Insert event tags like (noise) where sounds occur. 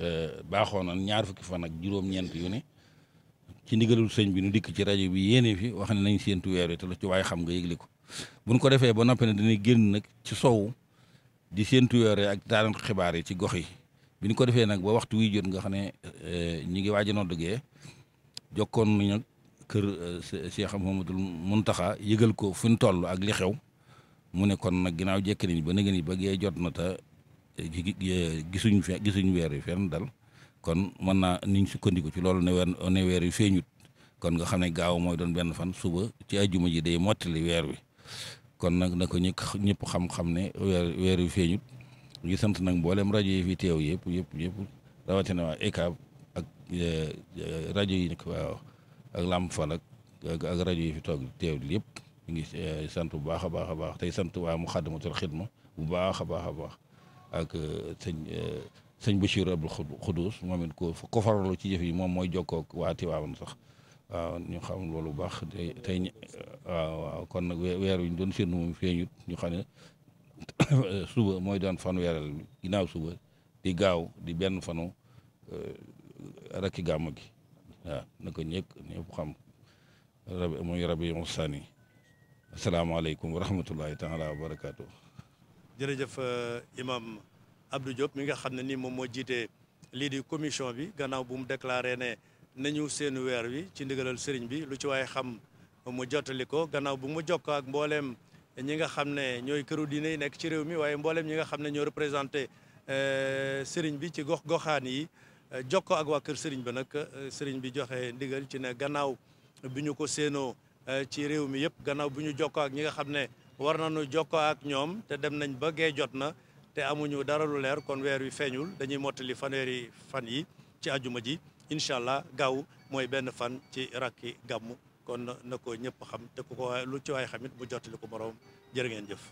Euh, baaxoo na ñaar fukki fan ak juróom-ñeent yu ne ci ndigalul sëñ bi nu dikk ci rajo bi yéene fi wax ne nañ séentu weer wi te lu ci waaye xam nga yëgle ko buñ ko defee ba noppi ne dinañ génn nag ci sow di séentu weer wi ak daanan xibaar yi ci gox yi bi ñu ko defee nag ba waxtu wi jot nga xam ne euh, ñi ngi waaj a noddugee jokkoon nañ nag kër euh, Cheikh Mouhamadoul Mountakha yëgal ko fi ñu toll ak li xew mu ne kon nag ginnaaw jekk ba nëgën yi ba gee jot na te gisuñ fe gisuñ weer yu fenn dal kon mën naa niñ sukkandiku ci loolu ne weer ne weer yu feeñut kon nga xam ne gaaw mooy doon benn fan suba ci ajjuma ji day mottali weer wi kon nag na ko ñëpp ñëpp xam-xam ne weer weer yu feeñut ñu sant nag mboolem rajo yi fi teew yëpp yëpp yëpp rawatina waa ECAB ak e, e, rajo yi nekk waaw ak Lamp ak ak rajo yi fi toog teew yëpp ñu ngi e, sant bu baax a baax a baax tey sant waa Muxaddamatul Xidma bu baax a baax a baax. ak euh, sëñ euh, sëñ Bachir Abdou Khoudous moom it ko ko farlu ci jëf yi moom mooy jokkoo waati waa Tiwaawan sax waaw ñu xam loolu bu baax tey tey kon nag weer wi ñu doon séntu moom feeñut ñu xam (coughs) suba mooy doon fan weeral bi ginnaaw suba di gaaw di benn fanu euh, rakki gàmm gi waaw na ko ñëkk ñëpp xam rabi muy rabi Mustaani asalaamaaleykum wa rahmatullahi taala wa barakaatu. jërëjëf euh, imam Abdou Diop mi nga xam ne nii moom moo jiite lii di commission bi gannaaw bu mu déclaré ne nañu seenu weer wi ci ndigalal sëriñ bi lu ci waaye xam mu jottali ko gannaaw bu mu jokkoo ak mbooleem ñi nga xam ne ñooy këru diine yi nekk ci réew mi waaye mbooleem ñi nga xam ne ñoo représenté euh, sëriñ bi ci gox goxaan yi euh, jokkoo ak waa kër sëriñ bi nag sëriñ bi joxe ndigal ci ne gannaaw bu ñu ko séenoo ci réew mi yëpp gannaaw bu ñu jokkoo ak ñi nga xam ne war na nañu jokkoo ak ñoom te dem nañ ba gee jot na te amuñu dara lu leer kon weer wi feeñul dañuy mottali fanweeri fan yi ci àjjuma ji incha allah gaaw mooy benn fan ci rakki gàmm kon na ko ñëpp xam te ku ko lu ci waay xamit mu jottali ko moroom jërë ngeen jëf